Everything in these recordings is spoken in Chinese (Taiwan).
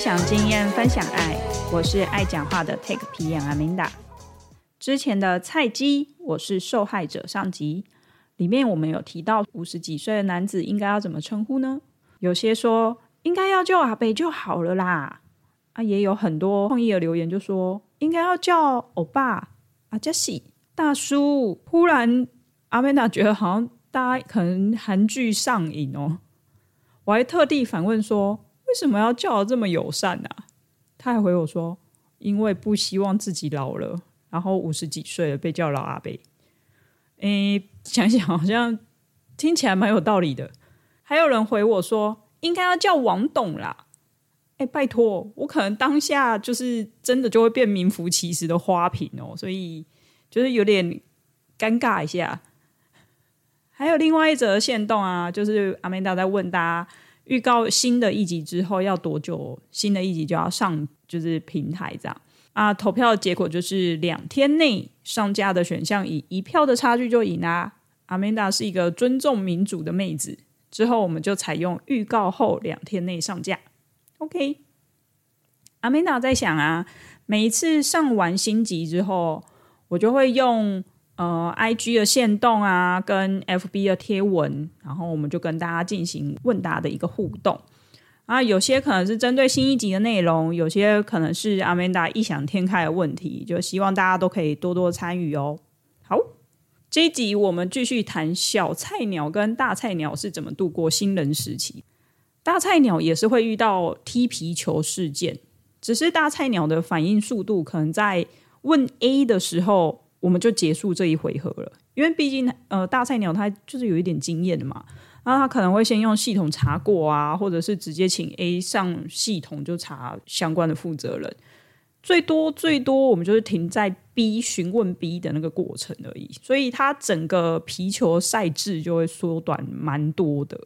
分享經驗，分享愛。我是愛講話的 TechPM Amanda。之前的菜雞，我是受害者。上集裡面我們有提到，五十幾歲的男子應該要怎麼稱呼呢？有些說應該要叫阿伯就好了啦。啊，也有很多創意的留言，就說應該要叫歐巴、阿加西、大叔。忽然，阿明達覺得好像大家可能韓劇上癮哦。我還特地反問說。為什麼要叫的這麼友善呢？他還回我說：“因為不希望自己老了，然後五十幾歲了被叫老阿伯。”哎，想想好像聽起來蠻有道理的。還有人回我說：“應該要叫王董啦。”哎，拜托，我可能當下就是真的就會變名副其實的花瓶哦，所以就是有點尷尬一下。還有另外一則限動啊，就是 Amanda 在問大家，預告新的一集之後要多久？新的一集就要上，就是平台這樣啊。投票結果就是兩天內上架的選項以一票的差距就贏啦，啊。Amanda 是一個尊重民主的妹子。之後我們就採用預告後兩天內上架。OK。Amanda 在想啊，每一次上完新集之後，我就會用。呃，I G 的限動啊，跟 F B 的貼文，然後我們就跟大家進行問答的一個互動。啊，有些可能是針對新一集的內容，有些可能是阿曼達異想天開的問題，就希望大家都可以多多參與哦。好，這一集我們繼續談小菜鳥跟大菜鳥是怎麼度過新人時期。大菜鳥也是會遇到踢皮球事件，只是大菜鳥的反應速度可能在問 A 的時候。我們就結束這一回合了，因為畢竟呃大菜鳥他就是有一點經驗的嘛，然後他可能會先用系統查過啊，或者是直接請 A 上系統就查相關的負責人，最多最多我們就是停在 B 詢問 B 的那個過程而已，所以他整個皮球賽制就會縮短蠻多的，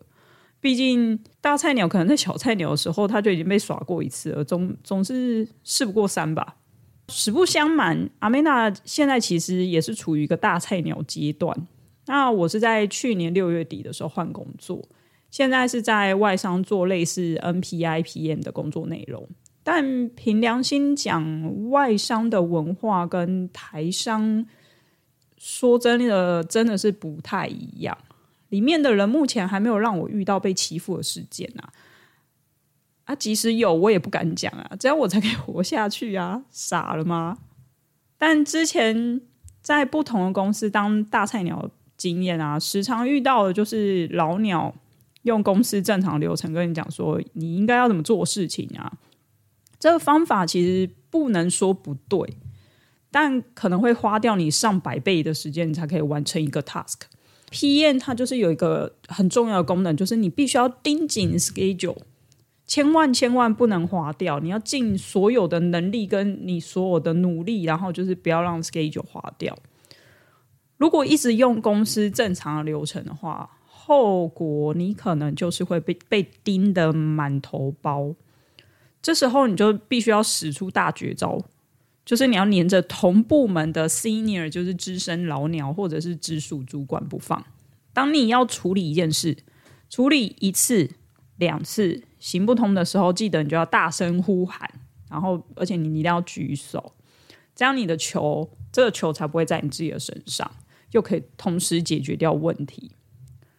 畢竟大菜鳥可能在小菜鳥的時候他就已經被耍過一次了，總總是事不過三吧。實不相瞞，Amanda 現在其實也是處於一個大菜鳥階段。那我是在去年六月底的時候換工作，現在是在外商做類似 NPIPM 的工作內容。但憑良心講，外商的文化跟台商說真的真的是不太一樣。裡面的人目前還沒有讓我遇到被欺負的事件啊。啊，即使有我也不敢講啊！只要我才可以活下去啊，傻了嗎？但之前在不同的公司當大菜鳥經驗啊，時常遇到的就是老鳥用公司正常流程跟你講說你應該要怎麼做事情啊。這個方法其實不能說不對，但可能會花掉你上百倍的時間，你才可以完成一個 task。PM 它就是有一個很重要的功能，就是你必須要盯緊 schedule。千萬千萬不能划掉！你要盡所有的能力，跟你所有的努力，然後就是不要讓 schedule 劃掉。如果一直用公司正常的流程的話，後果你可能就是會被被盯得滿頭包。這時候你就必須要使出大絕招，就是你要黏着同部門的 senior，就是資深老鳥或者是直屬主管不放。當你要處理一件事，處理一次、兩次。行不通的時候，記得你就要大聲呼喊，然後而且你一定要舉手，這樣你的球、這個球才不會在你自己的身上，又可以同時解決掉問題。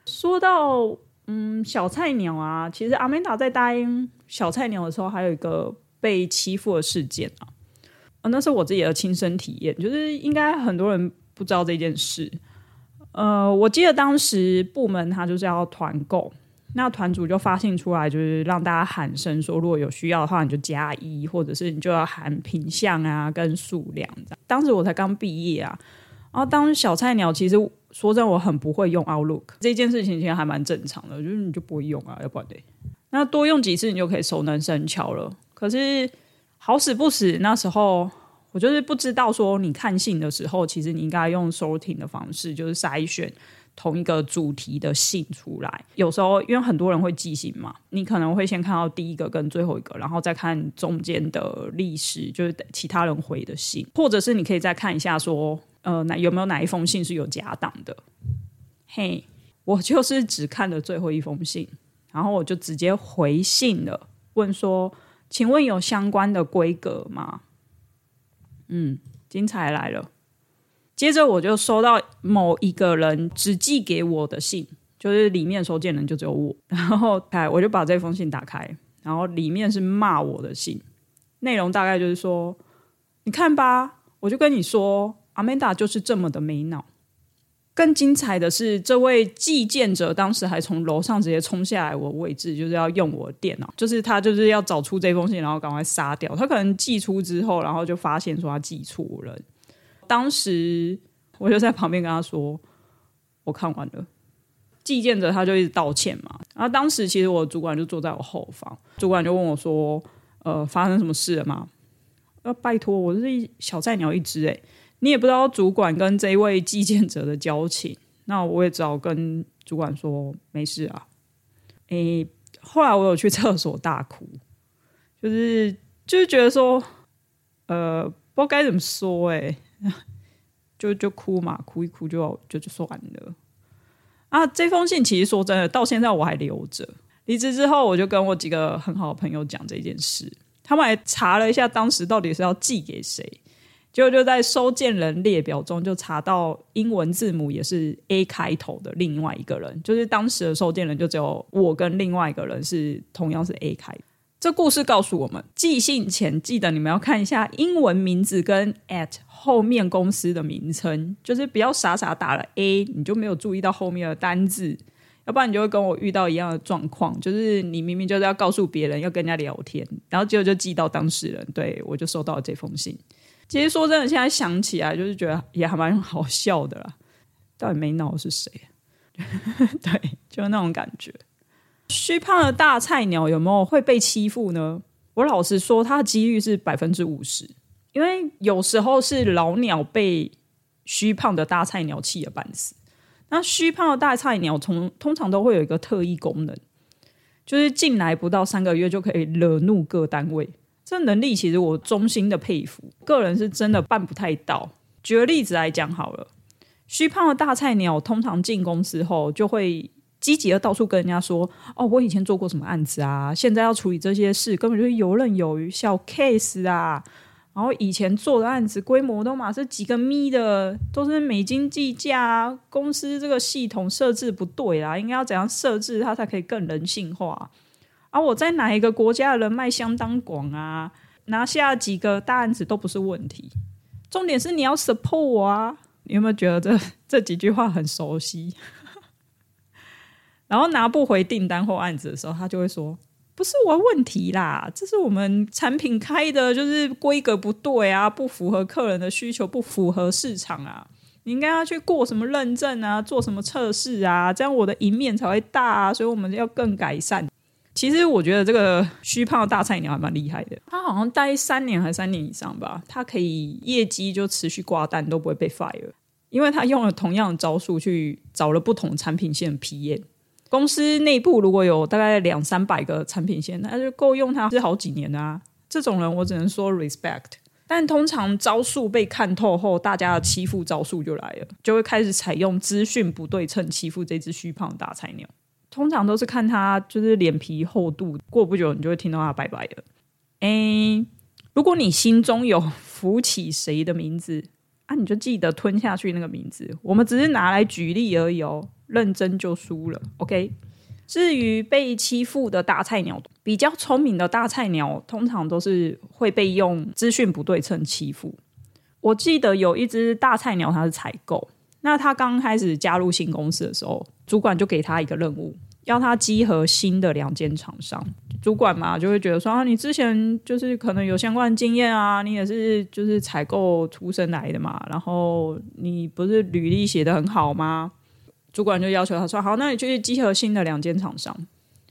說到嗯，小菜鳥啊，其實 Amanda 在答應小菜鳥的時候，還有一個被欺負的事件啊，啊、呃、那是我自己的親身體驗，就是應該很多人不知道這件事。呃，我記得當時部門他就是要團購。那團組就發信出來，就是讓大家喊聲說，如果有需要的話，你就加一，1, 或者是你就要喊品項啊跟數量，跟數量這樣。當時我才剛畢業啊，然後當小菜鳥，其實說真，我很不會用 Outlook 這件事情，其實還蠻正常的，就是你就不會用啊，要不然得那多用幾次，你就可以熟能生巧了。可是好死不死，那時候我就是不知道說，你看信的時候，其實你應該用 sorting 的方式，就是篩選。同一個主題的信出來，有時候因為很多人會寄信嘛，你可能會先看到第一個跟最後一個，然後再看中間的歷史，就是其他人回的信，或者是你可以再看一下說，呃，哪有沒有哪一封信是有夾檔的？嘿，Hey，我就是只看了最後一封信，然後我就直接回信了，問說，請問有相關的規格嗎？嗯，精彩來了。接着我就收到某一個人只寄給我的信，就是裡面收件人就只有我。然後哎，我就把這封信打開，然後裡面是罵我的信，內容大概就是說：“你看吧，我就跟你說，Amanda 就是這麼的沒腦。”更精彩的是，這位寄件者當時還從樓上直接衝下來，我位置就是要用我的電腦，就是他就是要找出這封信，然後趕快殺掉。他可能寄出之後，然後就發現說他寄錯了。當時我就在旁邊跟他說：“我看完了。”寄件者他就一直道歉嘛。然、啊、後當時其實我的主管就坐在我後方，主管就問我說：“呃，發生什麼事了嗎？”呃、拜託我是一小菜鳥一隻哎、欸，你也不知道主管跟這位寄件者的交情。那我也只好跟主管說：“沒事啊。”欸哎，後來我有去廁所大哭，就是就是覺得說，呃，不知道該怎麼說哎、欸。 就就哭嘛，哭一哭就就就算了。啊，這封信其實說真的，到現在我還留着。離職之後，我就跟我幾個很好的朋友講這件事，他們還查了一下當時到底是要寄給誰，結果就在收件人列表中就查到英文字母也是 A 開頭的另外一個人，就是當時的收件人就只有我跟另外一個人是同樣是 A 開頭。這故事告訴我們，寄信前，記得你們要看一下英文名字跟 at 後面公司的名稱，就是不要傻傻打了 a，你就沒有注意到後面的單字，要不然你就會跟我遇到一樣的狀況，就是你明明就是要告訴別人要跟人家聊天，然後結果就寄到當事人。對，我就收到了這封信，其實說真的，現在想起來就是覺得也還蠻好笑的啦。到底沒鬧我是誰、啊？ 對，就那種感覺。虛胖的大菜鳥有沒有會被欺負呢？我老實說，他的幾率是百分之五十，因為有時候是老鳥被虛胖的大菜鳥氣的半死。那虛胖的大菜鳥從通常都會有一個特異功能，就是進來不到三個月就可以惹怒各單位。這能力其實我衷心的佩服，個人是真的辦不太到。舉個例子來講好了，虛胖的大菜鳥通常進公司後就會積極的到處跟人家說哦，我以前做過什麼案子啊，現在要處理這些事根本就是游刃有餘，小 case 啊。然後以前做的案子規模，都嘛是幾個米的，都是美金計價啊。公司這個系統設置不對啦啊，應該要怎樣設置它才可以更人性化？啊，我在哪一個國家的人脈相當廣啊，拿下幾個大案子都不是問題。重點是你要 support 我啊！你有沒有覺得這這幾句話很熟悉？然後拿不回訂單或案子的時候，他就會說：“不是我問題啦，這是我們產品開的，就是規格不對啊，不符合客人的需求，不符合市場啊。你應該要去過什麼認證啊，做什麼測試啊，這樣我的贏面才會大啊。所以我們要更改善。”其實我覺得這個虛胖的大菜鳥還蠻厲害的，他好像待三年還三年以上吧，他可以業績就持續掛單都不會被 fire，因為他用了同樣的招數，去找了不同的產品線 PM。公司內部如果有大概兩三百個產品線，那就夠用它是好幾年啦、啊。這種人我只能說 respect，但通常招數被看透後，大家的欺負招數就來了，就會開始採用資訊不對稱欺負這只虛胖的大菜鳥。通常都是看他就是臉皮厚度，過不久你就會聽到他拜拜了。誒，如果你心中有浮起誰的名字，啊，你就記得吞下去那個名字。我們只是拿來舉例而已哦。認真就輸了，OK。至於被欺負的大菜鳥，比較聰明的大菜鳥通常都是會被用資訊不對稱欺負。我記得有一隻大菜鳥，他是採購，那他剛開始加入新公司的時候，主管就給他一個任務，要他集合新的兩間廠商。主管嘛，就會覺得說：“啊，你之前就是可能有相關經驗啊，你也是就是採購出身來的嘛，然後你不是履歷寫得很好嗎？”主管就要求他說：“好，那你去集合新的兩間廠商，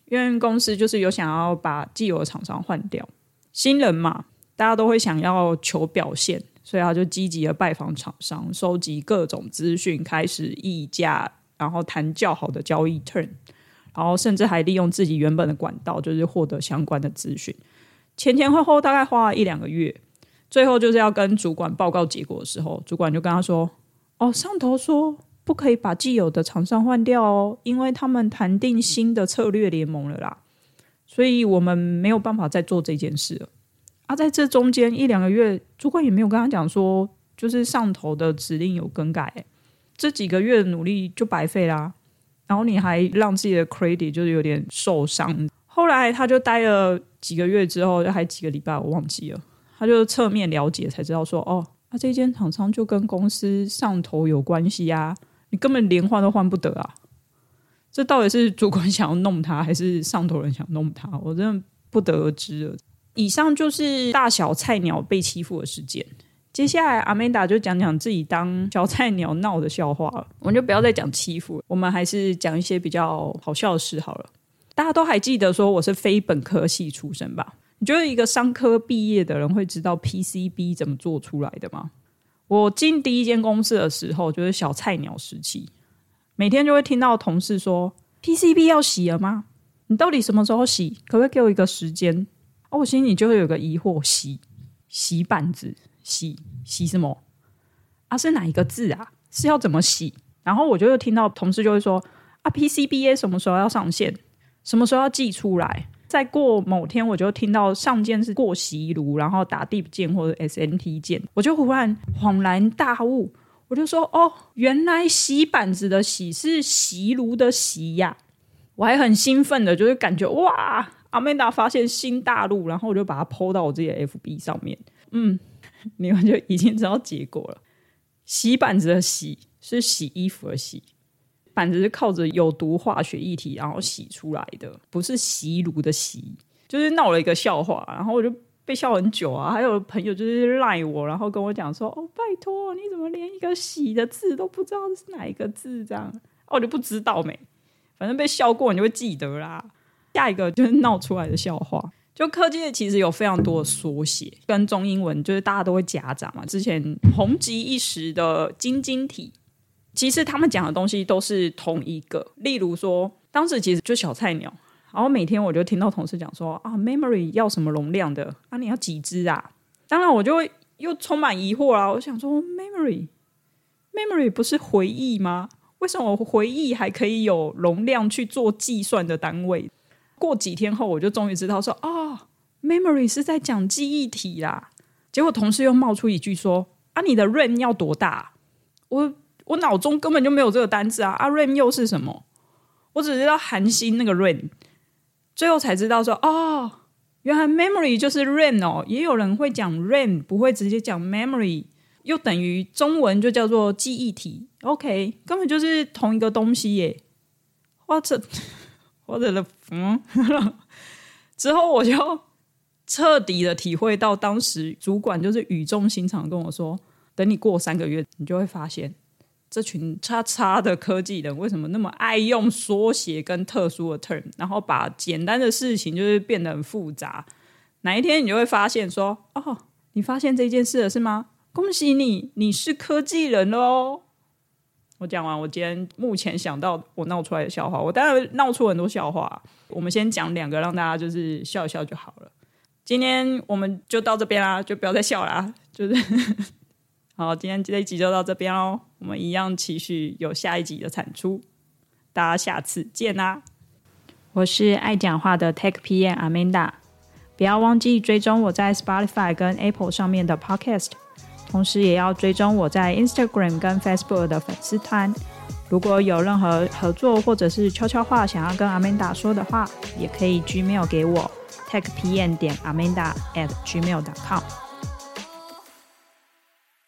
因為公司就是有想要把既有廠商換掉，新人嘛，大家都會想要求表現，所以他就積極的拜訪廠商，收集各種資訊，開始議價，然後談較好的交易 turn，然後甚至還利用自己原本的管道，就是獲得相關的資訊。前前後後大概花了一兩個月，最後就是要跟主管報告結果的時候，主管就跟他說：‘哦，上頭說。’”不可以把既有的廠商換掉哦，因為他們談定新的策略聯盟了啦，所以我們沒有辦法再做這件事了。了啊，在這中間一兩個月，主管也沒有跟他講說，就是上頭的指令有更改，欸，這幾個月的努力就白費啦。然後你還讓自己的 credit 就是有點受傷。後來他就待了幾個月之後，就還幾個禮拜我忘記了，他就側面了解才知道說，哦，那，啊，這間廠商就跟公司上頭有關係呀，啊。你根本連換都換不得啊？這到底是主管想要弄他，還是上頭人想弄他？我真的不得而知了。以上就是大小菜鳥被欺負的事件。接下來 Amanda 就講講自己當小菜鳥鬧的笑話了。我們就不要再講欺負，我們還是講一些比較好笑的事好了。大家都還記得說我是非本科系出身吧？你覺得一個商科畢業的人會知道 PCB 怎麼做出來的嗎？我進第一間公司的時候，就是小菜鳥時期，每天就會聽到同事說：“PCB 要洗了嗎？你到底什麼時候洗？可不可以給我一個時間？”啊，我心裡就會有一個疑惑：洗洗板子，洗洗什麼啊？是哪一個字啊？是要怎麼洗？然後我就會聽到同事就會說：“啊，PCBA 什麼時候要上線？什麼時候要寄出來？”再過某天，我就聽到上鍵是過洗爐，然後打 DIP 鍵或者 SMT 鍵，我就忽然恍然大悟，我就說：“哦，原來洗板子的洗是洗爐的洗呀，啊！”我還很興奮的，就是感覺哇，阿曼達發現新大陸，然後我就把它 PO 到我自己的 FB 上面。嗯，你們就已經知道結果了：洗板子的洗是洗衣服的洗。反正是靠着有毒化學液體，然後洗出來的，不是“洗爐”的“洗”，就是鬧了一個笑話，然後我就被笑很久啊。還有朋友就是賴我，然後跟我講說：“哦，拜托，你怎麼連一個‘洗’的字都不知道是哪一個字？”這樣，我就不知道沒。反正被笑過，你就會記得啦。下一個就是鬧出來的笑話，就科技其實有非常多的縮寫，跟中英文就是大家都會夾雜嘛。之前紅極一時的“晶晶體”。其實他們講的東西都是同一個，例如說，當時其實就小菜鳥，然後每天我就聽到同事講說啊，memory 要什麼容量的啊？你要幾支啊？當然我就又充滿疑惑啊！我想說，memory，memory Memory 不是回憶嗎？為什麼回憶還可以有容量去做計算的單位？過幾天後，我就終於知道說啊，memory 是在講記憶體啦。結果同事又冒出一句說啊，你的 RAM 要多大？我。我腦中根本就沒有這個單字啊！阿、啊、RAM 又是什麼？我只知道韓星那個 RAM，最後才知道說哦，原來 Memory 就是 RAM 哦。也有人會講 RAM，不會直接講 Memory，又等於中文就叫做記憶體。OK，根本就是同一個東西耶。What the, what the，嗯。 之後我就徹底的體會到，當時主管就是語重心長跟我說：“等你過三個月，你就會發現。”這群叉叉的科技人為什麼那麼愛用縮寫跟特殊的 term 然後把簡單的事情就是變得很複雜？哪一天你就會發現說，哦，你發現這件事了是嗎？恭喜你，你是科技人嘍！我講完，我今天目前想到我鬧出來的笑話，我當然鬧出很多笑話。我們先講兩個，讓大家就是笑一笑就好了。今天我們就到這邊啦、啊，就不要再笑啦，就是。 好，今天這一集就到這邊嘍。我們一樣期許有下一集的產出，大家下次見啦！我是愛講話的 Tech PM Amanda，不要忘記追蹤我在 Spotify 跟 Apple 上面的 Podcast，同時也要追蹤我在 Instagram 跟 Facebook 的粉絲團。如果有任何合作或者是悄悄話想要跟 Amanda 說的話，也可以 Gmail 給我 Tech PM 點 Amanda at Gmail.com。